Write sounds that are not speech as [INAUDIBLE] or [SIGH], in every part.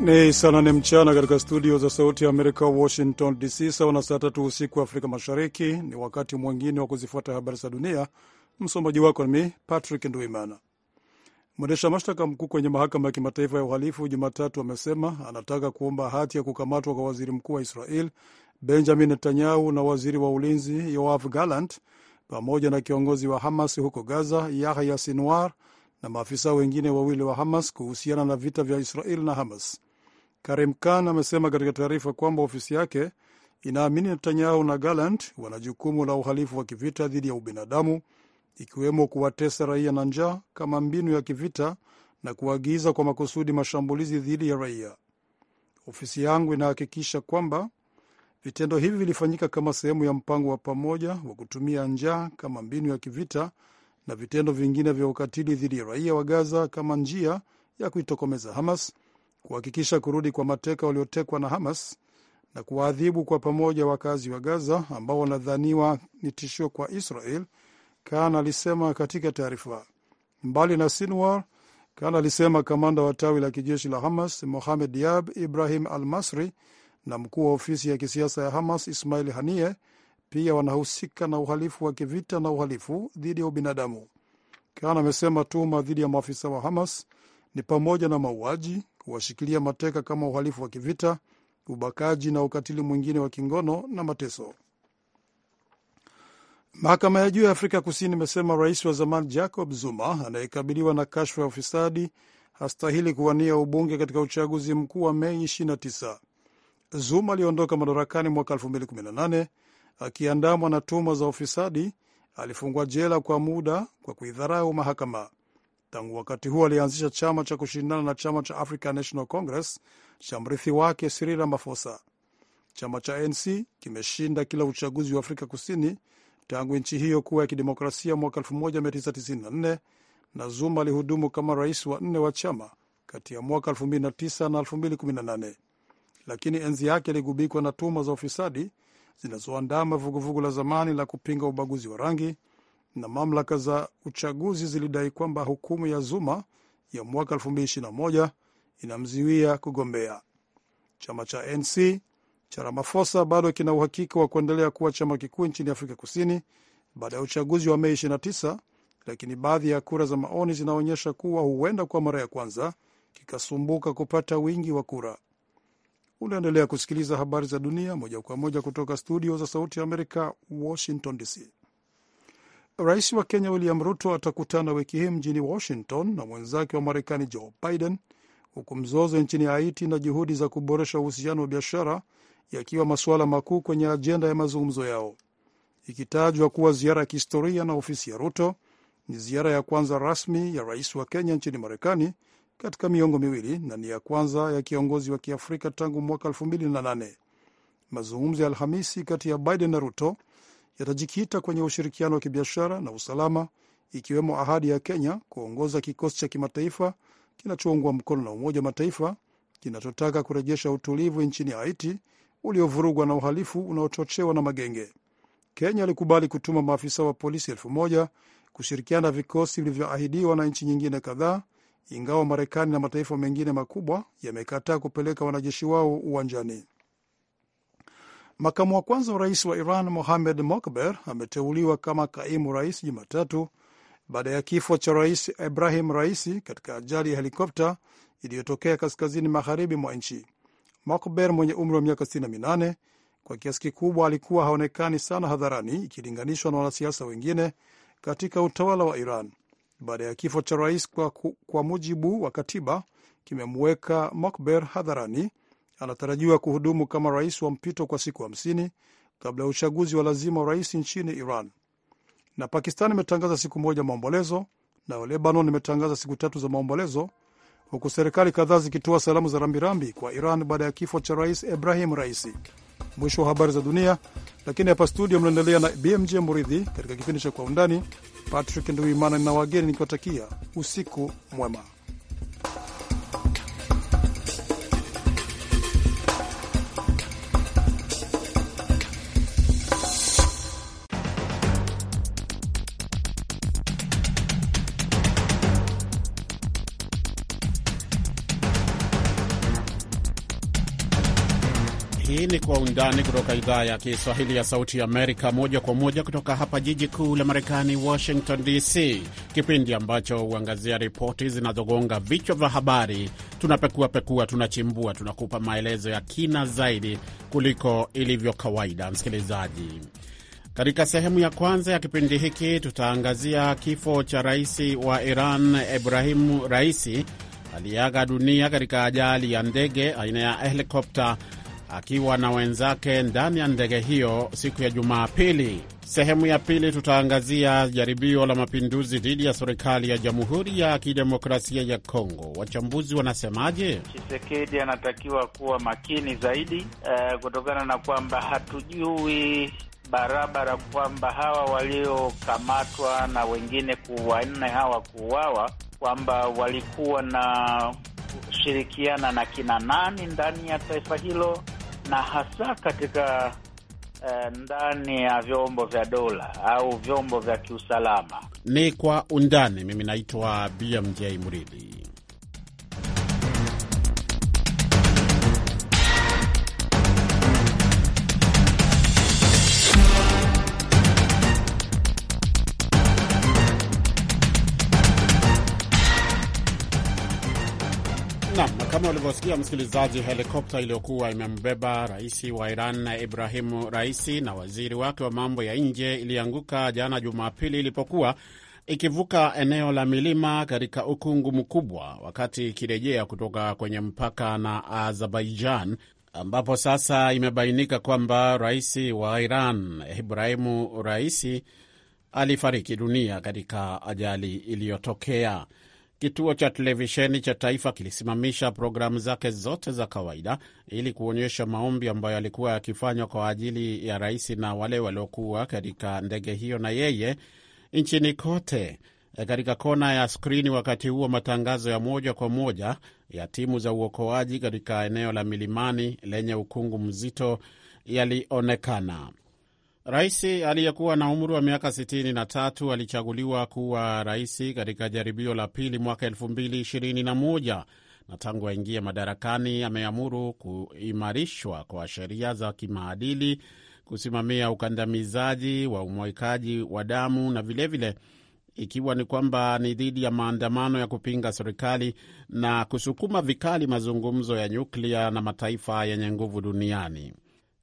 Ni saa nane mchana katika studio za Sauti ya Amerika, Washington DC, sawa na saa tatu usiku wa Afrika Mashariki. Ni wakati mwingine wa kuzifuata habari za dunia. Msomaji wako mi Patrick Nduimana. Mwendesha mashtaka mkuu kwenye mahakama ya kimataifa ya uhalifu Jumatatu amesema anataka kuomba hati ya kukamatwa kwa waziri mkuu wa Israel Benjamin Netanyahu na waziri wa ulinzi Yoav Gallant pamoja na kiongozi wa Hamas huko Gaza Yahya Sinwar na maafisa wengine wawili wa Hamas kuhusiana na vita vya Israel na Hamas. Karim Khan amesema katika taarifa kwamba ofisi yake inaamini Netanyahu na Gallant wana jukumu la uhalifu wa kivita dhidi ya ubinadamu, ikiwemo kuwatesa raia na njaa kama mbinu ya kivita na kuagiza kwa makusudi mashambulizi dhidi ya raia. Ofisi yangu inahakikisha kwamba vitendo hivi vilifanyika kama sehemu ya mpango wa pamoja wa kutumia njaa kama mbinu ya kivita na vitendo vingine vya ukatili dhidi ya raia wa Gaza kama njia ya kuitokomeza Hamas, kuhakikisha kurudi kwa mateka waliotekwa na Hamas na kuwaadhibu kwa pamoja wakazi wa Gaza ambao wanadhaniwa ni tishio kwa Israel, kan alisema katika taarifa. Mbali na Sinwar, kan alisema kamanda wa tawi la kijeshi la Hamas Mohamed Diab Ibrahim Al Masri na mkuu wa ofisi ya kisiasa ya Hamas Ismail Haniye pia wanahusika na uhalifu wa kivita na uhalifu dhidi ya ubinadamu. kan amesema tuhuma dhidi ya maafisa wa Hamas ni pamoja na mauaji, kuwashikilia mateka kama uhalifu wa kivita, ubakaji na ukatili mwingine wa kingono na mateso. Mahakama ya juu ya Afrika Kusini imesema rais wa zamani Jacob Zuma anayekabiliwa na kashfa ya ufisadi hastahili kuwania ubunge katika uchaguzi mkuu wa Mei 29. Zuma aliondoka madarakani mwaka 2018 akiandamwa na tuma za ufisadi. Alifungwa jela kwa muda kwa kuidharau mahakama. Tangu wakati huo alianzisha chama cha kushindana na chama cha African National Congress cha mrithi wake Cyril Ramaphosa. Chama cha ANC kimeshinda kila uchaguzi wa Afrika Kusini tangu nchi hiyo kuwa ya kidemokrasia mwaka 1994 na Zuma alihudumu kama rais wa nne wa chama kati ya mwaka 2009 na 2018, lakini enzi yake iligubikwa na tuhuma za ufisadi zinazoandama vuguvugu la zamani la kupinga ubaguzi wa rangi na mamlaka za uchaguzi zilidai kwamba hukumu ya Zuma ya mwaka 2021 inamziwia kugombea. Chama cha NC cha ramafosa bado kina uhakika wa kuendelea kuwa chama kikuu nchini Afrika Kusini baada ya uchaguzi wa Mei 29, lakini baadhi ya kura za maoni zinaonyesha kuwa huenda kwa mara ya kwanza kikasumbuka kupata wingi wa kura. Unaendelea kusikiliza habari za dunia moja kwa moja kutoka studio za Sauti ya Amerika, Washington DC. Rais wa Kenya William Ruto atakutana wiki hii mjini Washington na mwenzake wa Marekani Joe Biden, huku mzozo nchini Haiti na juhudi za kuboresha uhusiano wa biashara yakiwa masuala makuu kwenye ajenda ya mazungumzo yao, ikitajwa kuwa ziara ya kihistoria na ofisi ya Ruto ni ziara ya kwanza rasmi ya rais wa Kenya nchini Marekani katika miongo miwili na ni ya kwanza ya kiongozi wa Kiafrika tangu mwaka 2008. Mazungumzo ya Alhamisi kati ya Biden na Ruto yatajikita kwenye ushirikiano wa kibiashara na usalama, ikiwemo ahadi ya Kenya kuongoza kikosi cha kimataifa kinachoungwa mkono na Umoja wa Mataifa kinachotaka kurejesha utulivu nchini Haiti uliovurugwa na uhalifu unaochochewa na magenge. Kenya alikubali kutuma maafisa wa polisi elfu moja kushirikiana na vikosi vilivyoahidiwa na nchi nyingine kadhaa, ingawa Marekani na mataifa mengine makubwa yamekataa kupeleka wanajeshi wao uwanjani. Makamu wa kwanza wa rais wa Iran Mohamed Mokber ameteuliwa kama kaimu rais Jumatatu baada ya kifo cha rais Ibrahim Raisi katika ajali ya helikopta iliyotokea kaskazini magharibi mwa nchi. Mokber mwenye umri wa miaka 68 kwa kiasi kikubwa alikuwa haonekani sana hadharani ikilinganishwa na wanasiasa wengine katika utawala wa Iran. Baada ya kifo cha rais, kwa, kwa mujibu wa katiba, kimemweka Mokber hadharani anatarajiwa kuhudumu kama rais wa mpito kwa siku hamsini kabla ya uchaguzi wa lazima wa rais nchini Iran. Na Pakistan imetangaza siku moja maombolezo, nayo Lebanon imetangaza siku tatu za maombolezo, huku serikali kadhaa zikitoa salamu za rambirambi kwa Iran baada ya kifo cha rais Ibrahim Raisi. Mwisho wa habari za dunia, lakini hapa studio mnaendelea na BMJ Muridhi katika kipindi cha Kwa Undani. Patrick Nduimana na wageni nikiwatakia usiku mwema. ni Kwa Undani kutoka idhaa ya Kiswahili ya Sauti ya Amerika, moja kwa moja kutoka hapa jiji kuu la Marekani, Washington DC, kipindi ambacho huangazia ripoti zinazogonga vichwa vya habari. Tunapekua pekua, tunachimbua, tunakupa maelezo ya kina zaidi kuliko ilivyo kawaida. Msikilizaji, katika sehemu ya kwanza ya kipindi hiki tutaangazia kifo cha rais wa Iran Ibrahimu Raisi aliyeaga dunia katika ajali ya ndege aina ya helikopta akiwa na wenzake ndani ya ndege hiyo siku ya Jumapili. Sehemu ya pili tutaangazia jaribio la mapinduzi dhidi ya serikali ya Jamhuri ya Kidemokrasia ya Kongo. Wachambuzi wanasemaje? Chisekedi anatakiwa kuwa makini zaidi, uh, kutokana na kwamba hatujui barabara kwamba hawa waliokamatwa na wengine kuwanne hawa kuuawa kwamba walikuwa na shirikiana na kina nani ndani ya taifa hilo na hasa katika eh, ndani ya vyombo vya dola au vyombo vya kiusalama. Ni kwa undani. Mimi naitwa BMJ Muridhi. Nam, kama ulivyosikia msikilizaji, helikopta iliyokuwa imembeba rais wa Iran Ibrahimu Raisi na waziri wake wa mambo ya nje ilianguka jana Jumapili ilipokuwa ikivuka eneo la milima katika ukungu mkubwa wakati ikirejea kutoka kwenye mpaka na Azerbaijan, ambapo sasa imebainika kwamba rais wa Iran Ibrahimu Raisi alifariki dunia katika ajali iliyotokea. Kituo cha televisheni cha taifa kilisimamisha programu zake zote za kawaida ili kuonyesha maombi ambayo yalikuwa yakifanywa kwa ajili ya rais na wale waliokuwa katika ndege hiyo na yeye nchini kote. E, katika kona ya skrini wakati huo, matangazo ya moja kwa moja ya timu za uokoaji katika eneo la milimani lenye ukungu mzito yalionekana. Rais aliyekuwa na umri wa miaka 63 alichaguliwa kuwa rais katika jaribio la pili mwaka 2021 na tangu aingie madarakani ameamuru kuimarishwa kwa sheria za kimaadili, kusimamia ukandamizaji wa umwekaji wa damu na vilevile vile, ikiwa ni kwamba ni dhidi ya maandamano ya kupinga serikali na kusukuma vikali mazungumzo ya nyuklia na mataifa yenye nguvu duniani.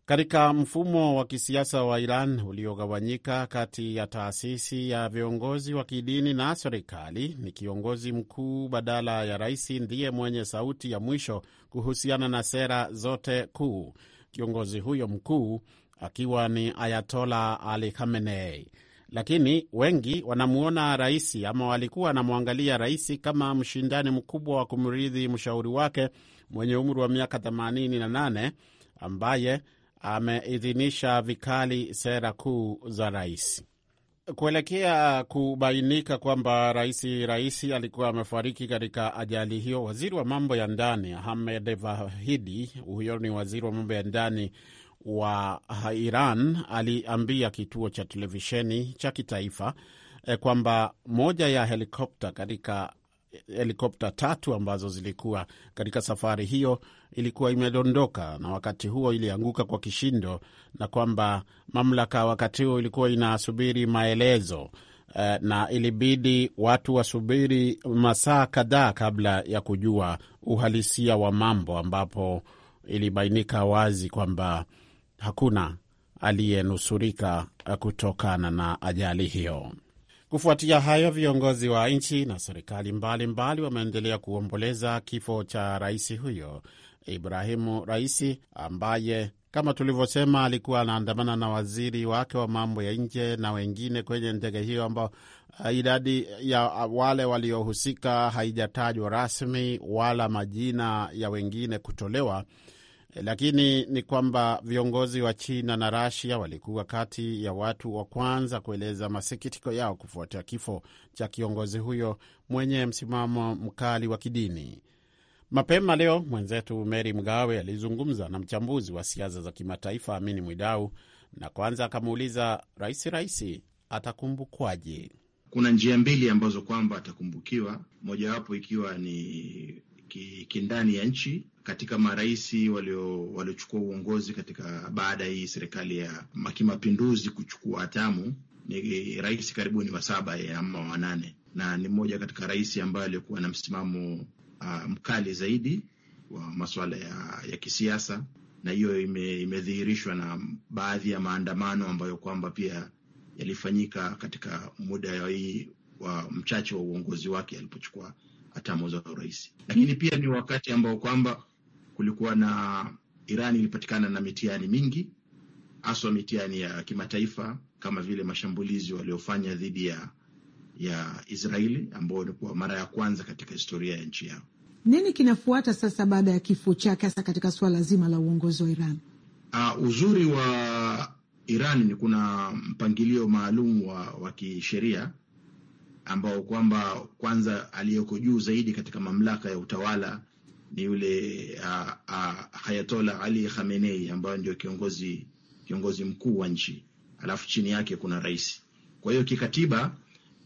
Katika mfumo wa kisiasa wa Iran uliogawanyika kati ya taasisi ya viongozi wa kidini na serikali, ni kiongozi mkuu badala ya rais ndiye mwenye sauti ya mwisho kuhusiana na sera zote kuu, kiongozi huyo mkuu akiwa ni Ayatola Ali Khamenei. Lakini wengi wanamwona rais ama walikuwa wanamwangalia rais kama mshindani mkubwa wa kumrithi mshauri wake mwenye umri wa miaka 88 ambaye ameidhinisha vikali sera kuu za rais kuelekea kubainika kwamba rais raisi alikuwa amefariki katika ajali hiyo. Waziri wa mambo ya ndani Ahmed Vahidi, huyo ni waziri wa mambo ya ndani wa Iran, aliambia kituo cha televisheni cha kitaifa eh, kwamba moja ya helikopta katika helikopta tatu ambazo zilikuwa katika safari hiyo ilikuwa imedondoka na wakati huo ilianguka kwa kishindo, na kwamba mamlaka wakati huo ilikuwa inasubiri maelezo eh, na ilibidi watu wasubiri masaa kadhaa kabla ya kujua uhalisia wa mambo, ambapo ilibainika wazi kwamba hakuna aliyenusurika eh, kutokana na ajali hiyo. Kufuatia hayo, viongozi wa nchi na serikali mbalimbali wameendelea kuomboleza kifo cha rais huyo Ibrahimu Raisi ambaye kama tulivyosema alikuwa anaandamana na waziri wake wa mambo ya nje na wengine kwenye ndege hiyo, ambao uh, idadi ya uh, wale waliohusika haijatajwa rasmi wala majina ya wengine kutolewa, lakini ni kwamba viongozi wa China na Rasia walikuwa kati ya watu wa kwanza kueleza masikitiko yao kufuatia kifo cha kiongozi huyo mwenye msimamo mkali wa kidini. Mapema leo mwenzetu Meri Mgawe alizungumza na mchambuzi wa siasa za kimataifa Amini Mwidau, na kwanza akamuuliza Rais Raisi atakumbukwaje? Kuna njia mbili ambazo kwamba atakumbukiwa, mojawapo ikiwa ni kindani ya nchi katika maraisi waliochukua uongozi katika baada ya hii serikali ya kimapinduzi kuchukua hatamu ni rais karibuni wa saba ama wa nane, na ni mmoja katika rais ambaye alikuwa na msimamo uh, mkali zaidi wa masuala ya, ya kisiasa, na hiyo ime, imedhihirishwa na baadhi ya maandamano ambayo kwamba pia yalifanyika katika muda ya hii wa mchache wa uongozi wake alipochukua hatamu za urais, lakini pia ni wakati ambao kwamba kulikuwa na Iran ilipatikana na mitihani mingi, haswa mitihani ya kimataifa kama vile mashambulizi waliofanya dhidi ya ya Israeli ambayo ilikuwa mara ya kwanza katika historia ya nchi yao. Nini kinafuata sasa baada ya kifo chake, hasa katika suala zima la uongozi wa Iran? Uh, uzuri wa Iran ni kuna mpangilio maalum wa, wa kisheria ambao kwamba kwanza aliyeko juu zaidi katika mamlaka ya utawala ni yule uh, uh, Hayatola Ali Khamenei ambaye ndio kiongozi kiongozi mkuu wa nchi, alafu chini yake kuna rais. Kwa hiyo kikatiba,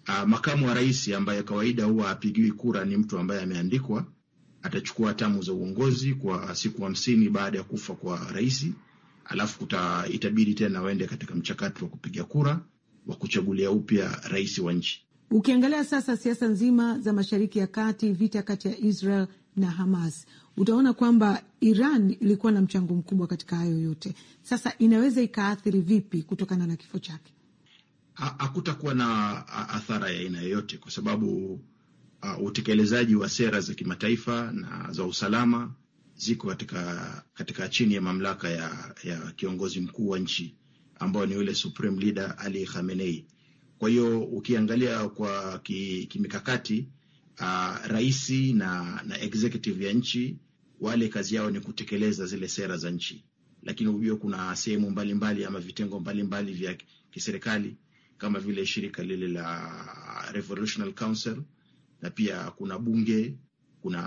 uh, makamu wa rais ambaye kawaida huwa apigiwi kura ni mtu ambaye ameandikwa, atachukua hatamu za uongozi kwa siku hamsini baada ya kufa kwa rais, alafu kuta, itabidi tena waende katika mchakato wa kupiga kura wa kuchagulia upya rais wa nchi. Ukiangalia sasa siasa nzima za Mashariki ya Kati, vita kati ya Israel na Hamas, utaona kwamba Iran ilikuwa na mchango mkubwa katika hayo yote. Sasa inaweza ikaathiri vipi kutokana na kifo chake? Hakutakuwa na athara ya aina yoyote kwa sababu uh, utekelezaji wa sera za kimataifa na za usalama ziko katika, katika chini ya mamlaka ya, ya kiongozi mkuu wa nchi ambayo ni yule Supreme Leader Ali Khamenei. Kwa hiyo ukiangalia kwa kimikakati ki uh, raisi na, na executive ya nchi wale kazi yao ni kutekeleza zile sera za nchi, lakini hujua kuna sehemu mbalimbali ama vitengo mbalimbali vya kiserikali kama vile shirika lile la Revolutionary Council na pia kuna bunge, kuna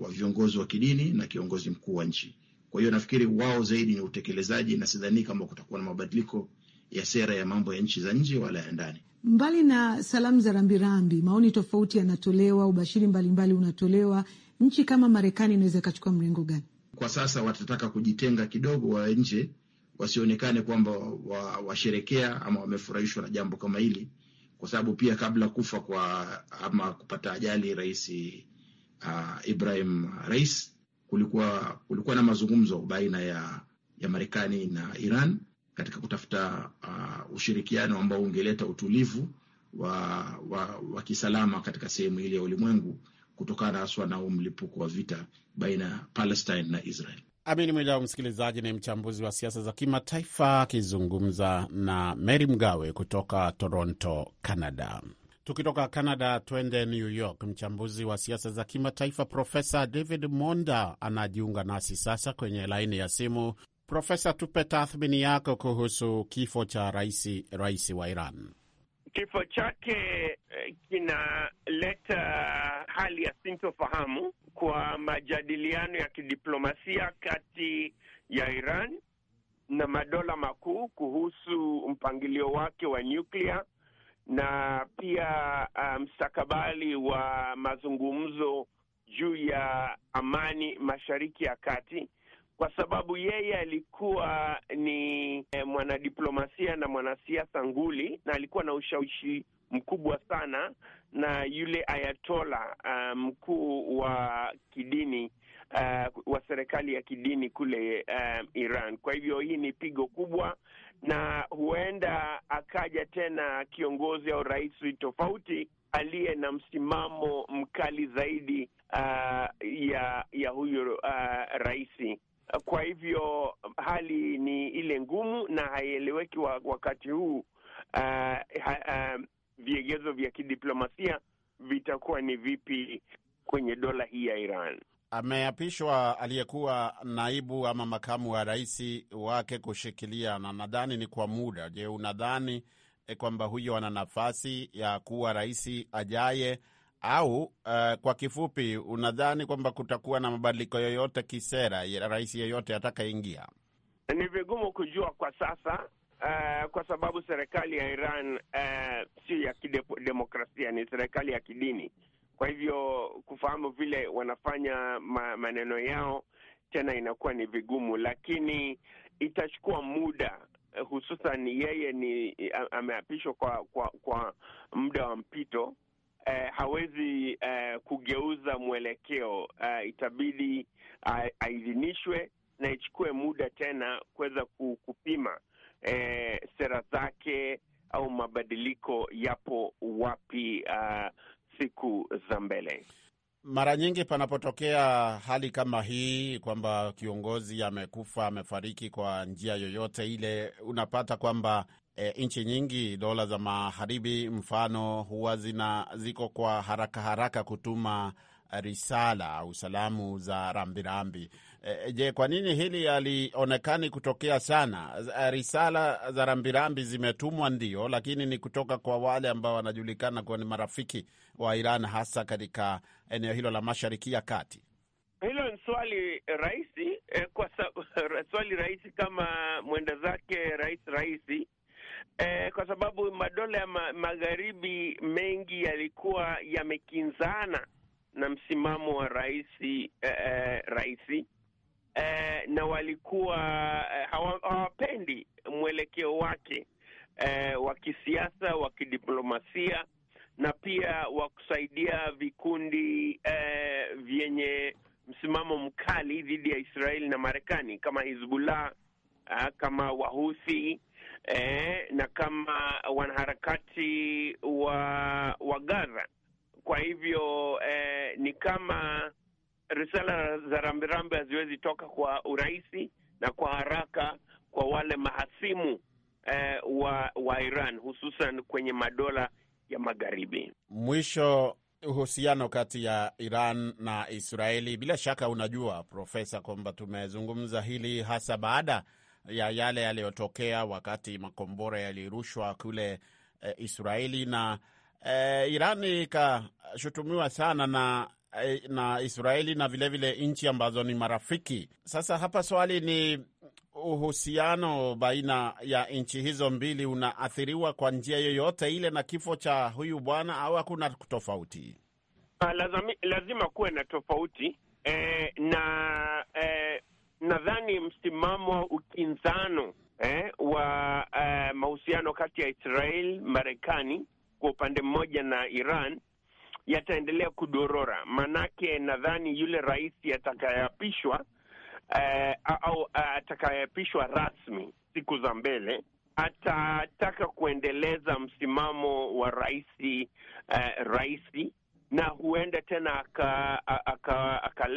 wa viongozi wa kidini na kiongozi mkuu wa nchi. Kwa hiyo nafikiri wao zaidi ni utekelezaji, na sidhani kama kutakuwa na mabadiliko ya sera ya mambo ya nchi za nje wala ya ndani. Mbali na salamu za rambirambi, maoni tofauti yanatolewa, ubashiri mbalimbali mbali unatolewa. Nchi kama Marekani inaweza ikachukua mrengo gani? Kwa sasa watataka kujitenga kidogo, wa nje wasionekane kwamba washerekea wa ama wamefurahishwa na jambo kama hili, kwa sababu pia kabla kufa kwa ama kupata ajali rais uh, Ibrahim Rais kulikuwa kulikuwa na mazungumzo baina ya, ya Marekani na Iran katika kutafuta uh, ushirikiano ambao ungeleta utulivu wa, wa, wa kisalama katika sehemu ile ya ulimwengu kutokana haswa na mlipuko wa vita baina ya Palestine na Israel. Amini Mwidau, msikilizaji, ni mchambuzi wa siasa za kimataifa akizungumza na Mary Mgawe kutoka Toronto, Canada. Tukitoka Canada twende New York. Mchambuzi wa siasa za kimataifa Profesa David Monda anajiunga nasi sasa kwenye laini ya simu. Profesa, tupe tathmini yako kuhusu kifo cha rais rais wa Iran. Kifo chake eh, kinaleta hali ya sintofahamu kwa majadiliano ya kidiplomasia kati ya Iran na madola makuu kuhusu mpangilio wake wa nyuklia na pia ah, mstakabali um, wa mazungumzo juu ya amani Mashariki ya Kati kwa sababu yeye alikuwa ni eh, mwanadiplomasia na mwanasiasa nguli na alikuwa na ushawishi mkubwa sana na yule ayatola uh, eh, mkuu wa kidini uh, wa serikali ya kidini kule uh, Iran. Kwa hivyo hii ni pigo kubwa, na huenda akaja tena kiongozi au rais tofauti aliye na msimamo mkali zaidi uh, ya ya huyu uh, raisi. Kwa hivyo um, hali ni ile ngumu na haieleweki wakati huu. Uh, ha, uh, viegezo vya kidiplomasia vitakuwa ni vipi kwenye dola hii ya Iran? Ameapishwa aliyekuwa naibu ama makamu wa rais wake kushikilia, na nadhani ni kwa muda. Je, unadhani eh, kwamba huyo ana nafasi ya kuwa rais ajaye au uh, kwa kifupi, unadhani kwamba kutakuwa na mabadiliko yoyote kisera, rais yeyote atakayeingia? Ni vigumu kujua kwa sasa uh, kwa sababu serikali ya Iran uh, si ya kidemokrasia, ni serikali ya kidini. Kwa hivyo kufahamu vile wanafanya ma, maneno yao tena inakuwa ni vigumu, lakini itachukua muda hususan yeye ni ameapishwa kwa, kwa, kwa muda wa mpito eh, hawezi eh, kugeuza mwelekeo eh, itabidi eh, aidhinishwe na ichukue muda tena kuweza kupima eh, sera zake au mabadiliko yapo wapi uh, siku za mbele. Mara nyingi panapotokea hali kama hii kwamba kiongozi amekufa amefariki kwa njia yoyote ile, unapata kwamba e, nchi nyingi dola za magharibi mfano huwa zina ziko kwa haraka haraka kutuma risala au salamu za rambirambi. E, je, kwa nini hili halionekani kutokea sana? Risala za rambirambi zimetumwa ndio, lakini ni kutoka kwa wale ambao wanajulikana kuwa ni marafiki wa Iran, hasa katika eneo hilo la Mashariki ya Kati. Hilo ni swali rahisi eh, kwa [LAUGHS] swali rahisi kama mwenda zake rais rahisi Eh, kwa sababu madola ya ma magharibi mengi yalikuwa yamekinzana na msimamo wa raisi eh, eh raisi eh, na walikuwa eh, hawapendi mwelekeo wake eh, wa kisiasa wa kidiplomasia na pia wa kusaidia vikundi eh, vyenye msimamo mkali dhidi ya Israeli na Marekani kama Hizbullah, ah, kama wahusi eh, na kama wanaharakati wa wa Gaza. Kwa hivyo eh, ni kama risala za rambirambi haziwezi toka kwa urahisi na kwa haraka kwa wale mahasimu eh, wa, wa Iran hususan kwenye madola ya magharibi. Mwisho, uhusiano kati ya Iran na Israeli, bila shaka unajua Profesa, kwamba tumezungumza hili hasa baada ya yale yaliyotokea wakati makombora yalirushwa kule e, Israeli na e, Irani ikashutumiwa sana na e, na Israeli na vilevile nchi ambazo ni marafiki. Sasa hapa swali ni uhusiano baina ya nchi hizo mbili unaathiriwa kwa njia yoyote ile na kifo cha huyu bwana au hakuna tofauti? Ah, lazima kuwe na tofauti e, na e, nadhani msimamo ukinzano eh, wa uh, mahusiano kati ya Israel Marekani kwa upande mmoja na Iran yataendelea kudorora, maanake nadhani yule rais atakayeapishwa uh, au eh, atakayeapishwa rasmi siku za mbele atataka kuendeleza msimamo wa raisi uh, raisi na huenda tena akaleta aka, aka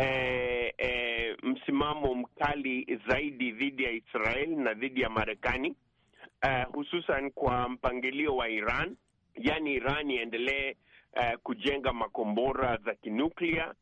e, e, msimamo mkali zaidi dhidi ya Israel na dhidi ya Marekani uh, hususan kwa mpangilio wa Iran, yaani Iran iendelee uh, kujenga makombora za kinuklia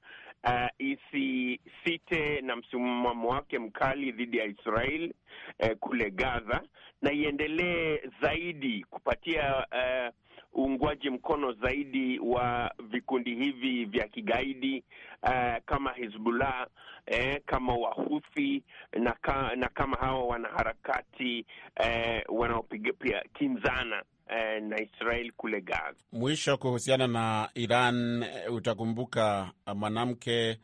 uh, isisite na msimamo wake mkali dhidi ya Israel uh, kule Gaza, na iendelee zaidi kupatia uh, uungwaji mkono zaidi wa vikundi hivi vya kigaidi uh, kama Hizbullah eh, kama Wahuthi na, ka, na kama hawa wanaharakati eh, wanaopiga pia kinzana eh, na Israel kule Gaza. Mwisho kuhusiana na Iran, utakumbuka mwanamke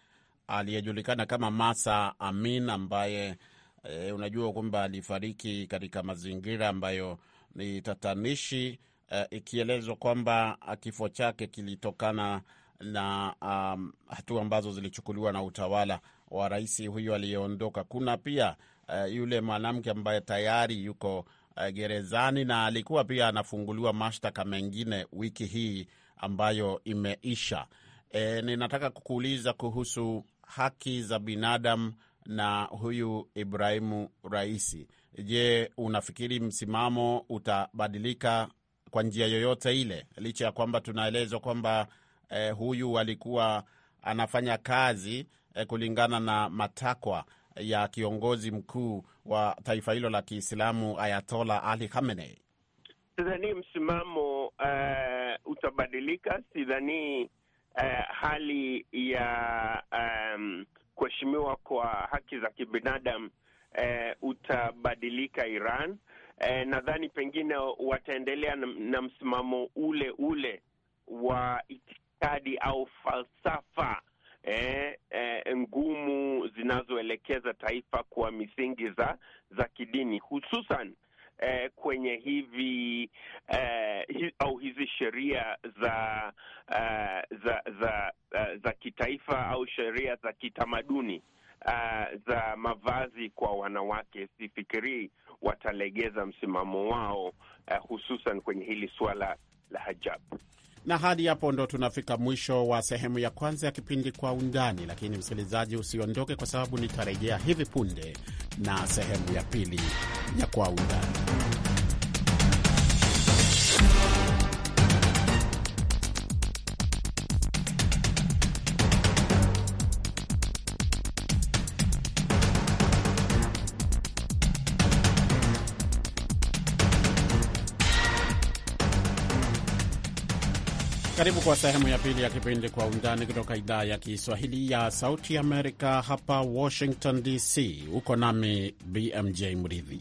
aliyejulikana kama Masa Amin ambaye eh, unajua kwamba alifariki katika mazingira ambayo ni tatanishi uh, ikielezwa kwamba ah, kifo chake kilitokana na um, hatua ambazo zilichukuliwa na utawala wa rais huyo aliyeondoka. Kuna pia uh, yule mwanamke ambaye tayari yuko uh, gerezani na alikuwa pia anafunguliwa mashtaka mengine wiki hii ambayo imeisha. E, ninataka kukuuliza kuhusu haki za binadamu na huyu Ibrahimu Raisi. Je, unafikiri msimamo utabadilika kwa njia yoyote ile, licha ya kwamba tunaelezwa kwamba eh, huyu alikuwa anafanya kazi eh, kulingana na matakwa ya kiongozi mkuu wa taifa hilo la Kiislamu Ayatola Ali Khamenei. Sidhani msimamo uh, utabadilika. Sidhani uh, hali ya um, kuheshimiwa kwa haki za kibinadamu uh, utabadilika Iran eh, nadhani pengine wataendelea na, na msimamo ule ule wa itikadi au falsafa eh, eh, ngumu zinazoelekeza taifa kwa misingi za za kidini hususan eh, kwenye hivi eh, hi, au hizi sheria za, uh, za za za eh, za kitaifa au sheria za kitamaduni uh, za mavazi kwa wanawake, sifikirii watalegeza msimamo wao uh, hususan kwenye hili suala la hajab na hadi hapo ndo tunafika mwisho wa sehemu ya kwanza ya kipindi Kwa Undani, lakini msikilizaji, usiondoke kwa sababu nitarejea hivi punde na sehemu ya pili ya Kwa Undani. Karibu kwa sehemu ya pili ya kipindi Kwa Undani kutoka idhaa ya Kiswahili ya Sauti Amerika, hapa Washington DC. Uko nami BMJ Mridhi.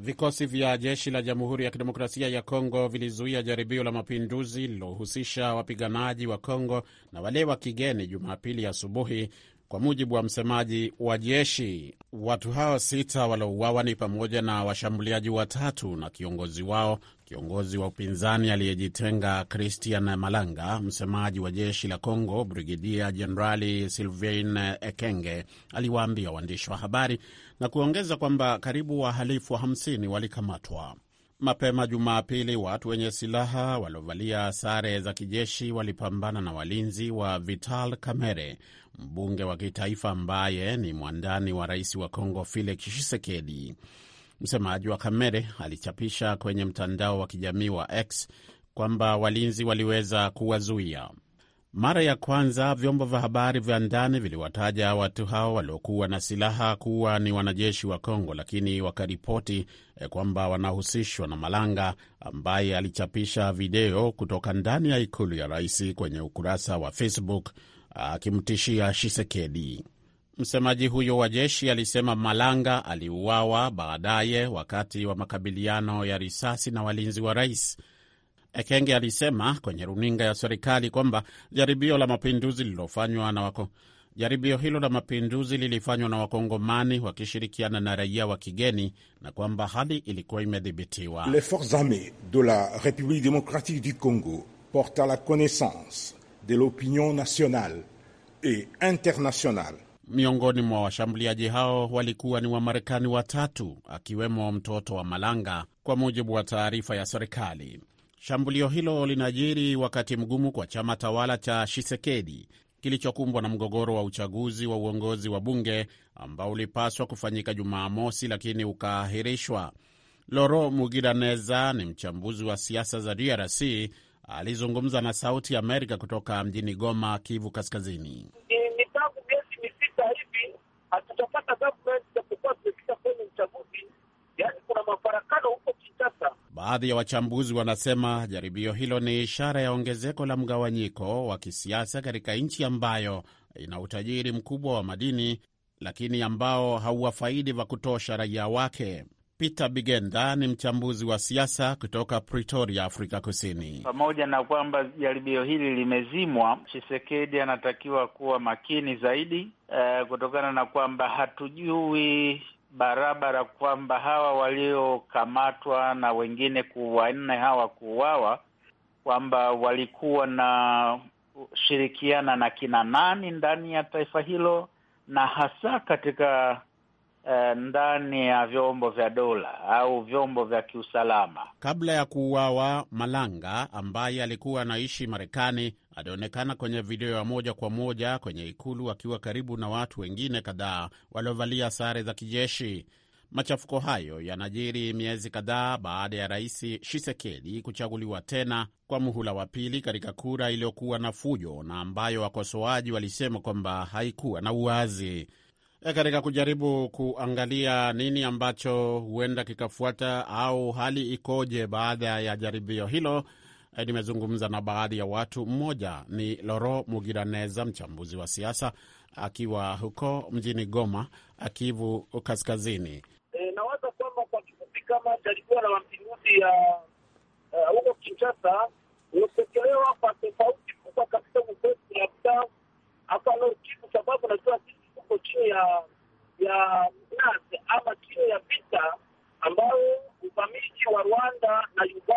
Vikosi vya jeshi la Jamhuri ya Kidemokrasia ya Kongo vilizuia jaribio la mapinduzi lililohusisha wapiganaji wa Kongo na wale wa kigeni Jumapili asubuhi, kwa mujibu wa msemaji wa jeshi, watu hao sita waliouawa ni pamoja na washambuliaji watatu na kiongozi wao, kiongozi wa upinzani aliyejitenga Christian Malanga. Msemaji wa jeshi la congo Brigidia Jenerali Sylvain Ekenge, aliwaambia waandishi wa habari na kuongeza kwamba karibu wahalifu 50 walikamatwa. Mapema Jumapili, watu wenye silaha waliovalia sare za kijeshi walipambana na walinzi wa Vital Kamerhe, mbunge wa kitaifa ambaye ni mwandani wa rais wa Kongo Felix Tshisekedi. Msemaji wa Kamerhe alichapisha kwenye mtandao wa kijamii wa X kwamba walinzi waliweza kuwazuia. Mara ya kwanza vyombo vya habari vya ndani viliwataja watu hao waliokuwa na silaha kuwa ni wanajeshi wa Kongo, lakini wakaripoti eh, kwamba wanahusishwa na Malanga ambaye alichapisha video kutoka ndani ya ikulu ya rais kwenye ukurasa wa Facebook akimtishia Shisekedi. Msemaji huyo wa jeshi alisema Malanga aliuawa baadaye wakati wa makabiliano ya risasi na walinzi wa rais Ekenge alisema kwenye runinga ya serikali kwamba jaribio la mapinduzi lililofanywa na wako jaribio hilo la mapinduzi lilifanywa na wakongomani wakishirikiana na raia wa kigeni na kwamba hali ilikuwa imedhibitiwa. Les forces armees de la République démocratique du Congo portent à la connaissance de l'opinion nationale et internationale. Miongoni mwa washambuliaji hao walikuwa ni Wamarekani watatu akiwemo mtoto wa Malanga, kwa mujibu wa taarifa ya serikali. Shambulio hilo linajiri wakati mgumu kwa chama tawala cha Shisekedi kilichokumbwa na mgogoro wa uchaguzi wa uongozi wa bunge ambao ulipaswa kufanyika Jumamosi lakini ukaahirishwa. Loro Mugiraneza ni mchambuzi wa siasa za DRC, alizungumza na Sauti ya Amerika kutoka mjini Goma, Kivu Kaskazini. Baadhi ya wachambuzi wanasema jaribio hilo ni ishara ya ongezeko la mgawanyiko wa kisiasa katika nchi ambayo ina utajiri mkubwa wa madini lakini ambao hauwafaidi vya kutosha raia wake. Peter Bigenda ni mchambuzi wa siasa kutoka Pretoria, Afrika Kusini. Pamoja na kwamba jaribio hili limezimwa, chisekedi anatakiwa kuwa makini zaidi, uh, kutokana na kwamba hatujui barabara kwamba hawa waliokamatwa na wengine kuwanne hawa kuuawa kwamba walikuwa na shirikiana na kina nani ndani ya taifa hilo na hasa katika Eh, ndani ya vyombo vya dola au vyombo vya kiusalama. Kabla ya kuuawa, Malanga ambaye alikuwa anaishi Marekani alionekana kwenye video ya moja kwa moja kwenye ikulu akiwa karibu na watu wengine kadhaa waliovalia sare za kijeshi. Machafuko hayo yanajiri miezi kadhaa baada ya rais Shisekedi kuchaguliwa tena kwa muhula wa pili katika kura iliyokuwa na fujo na ambayo wakosoaji walisema kwamba haikuwa na uwazi katika kujaribu kuangalia nini ambacho huenda kikafuata au hali ikoje baada ya jaribio hilo. Eh, nimezungumza na baadhi ya watu. Mmoja ni Loro Mugiraneza, mchambuzi wa siasa, akiwa huko mjini Goma, Kivu Kaskazini. E, nawaza kwamba kwa kifupi, kama jaribio la mapinduzi ya uh, Kinshasa imepokelewa kwa tofauti kubwa katika mkoa labda Kivu, sababu najua wako chini ya ya nazi ama chini ya vita ambayo uvamizi wa Rwanda na Uganda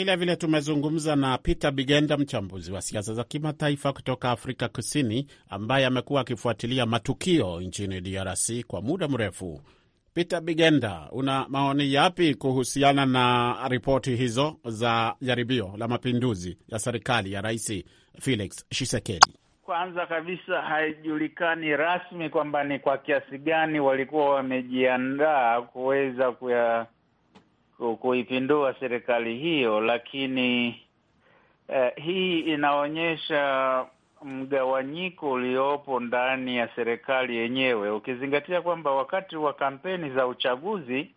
Vilevile tumezungumza na Peter Bigenda, mchambuzi wa siasa za kimataifa kutoka Afrika Kusini, ambaye amekuwa akifuatilia matukio nchini DRC kwa muda mrefu. Peter Bigenda, una maoni yapi kuhusiana na ripoti hizo za jaribio la mapinduzi ya serikali ya Rais Felix Tshisekedi? Kwanza kabisa haijulikani rasmi kwamba ni kwa kiasi gani walikuwa wamejiandaa kuweza kuya kuipindua serikali hiyo, lakini eh, hii inaonyesha mgawanyiko uliopo ndani ya serikali yenyewe, ukizingatia kwamba wakati wa kampeni za uchaguzi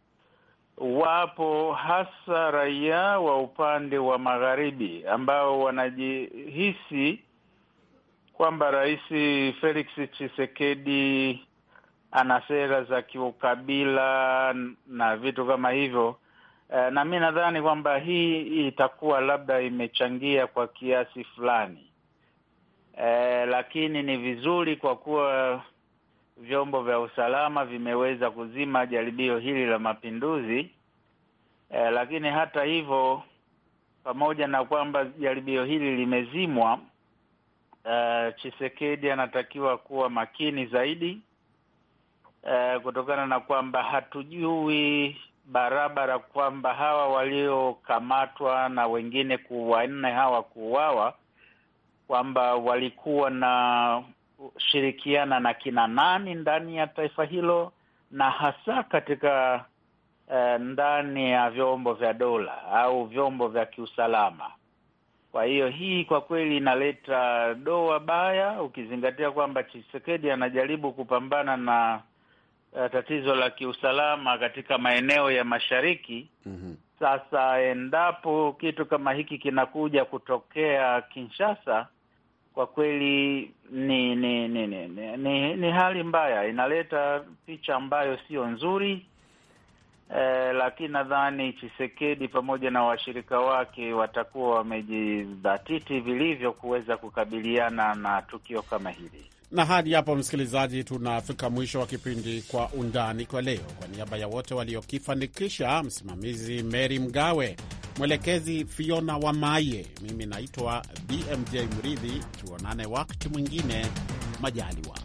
wapo hasa raia wa upande wa magharibi ambao wanajihisi kwamba Rais Felix Tshisekedi ana sera za kiukabila na vitu kama hivyo, Eh, na mi nadhani kwamba hii itakuwa labda imechangia kwa kiasi fulani e, lakini ni vizuri kwa kuwa vyombo vya usalama vimeweza kuzima jaribio hili la mapinduzi e, lakini hata hivyo, pamoja na kwamba jaribio hili limezimwa, Uh, Chisekedi anatakiwa kuwa makini zaidi uh, kutokana na kwamba hatujui barabara kwamba hawa waliokamatwa na wengine kuwanne hawa kuuawa kwamba walikuwa na shirikiana na kina nani ndani ya taifa hilo na hasa katika eh, ndani ya vyombo vya dola au vyombo vya kiusalama. Kwa hiyo hii kwa kweli inaleta doa baya, ukizingatia kwamba chisekedi anajaribu kupambana na uh, tatizo la kiusalama katika maeneo ya mashariki mm -hmm. Sasa endapo kitu kama hiki kinakuja kutokea Kinshasa, kwa kweli ni ni ni, ni, ni, ni, ni hali mbaya, inaleta picha ambayo sio nzuri eh, lakini nadhani Chisekedi pamoja na washirika wake watakuwa wamejidhatiti vilivyo kuweza kukabiliana na tukio kama hili. Na hadi hapo, msikilizaji, tunafika mwisho wa kipindi Kwa Undani kwa leo. Kwa niaba ya wote waliokifanikisha, msimamizi Mary Mgawe, mwelekezi Fiona Wamaye, mimi naitwa BMJ Mridhi. Tuonane wakati mwingine, majaliwa.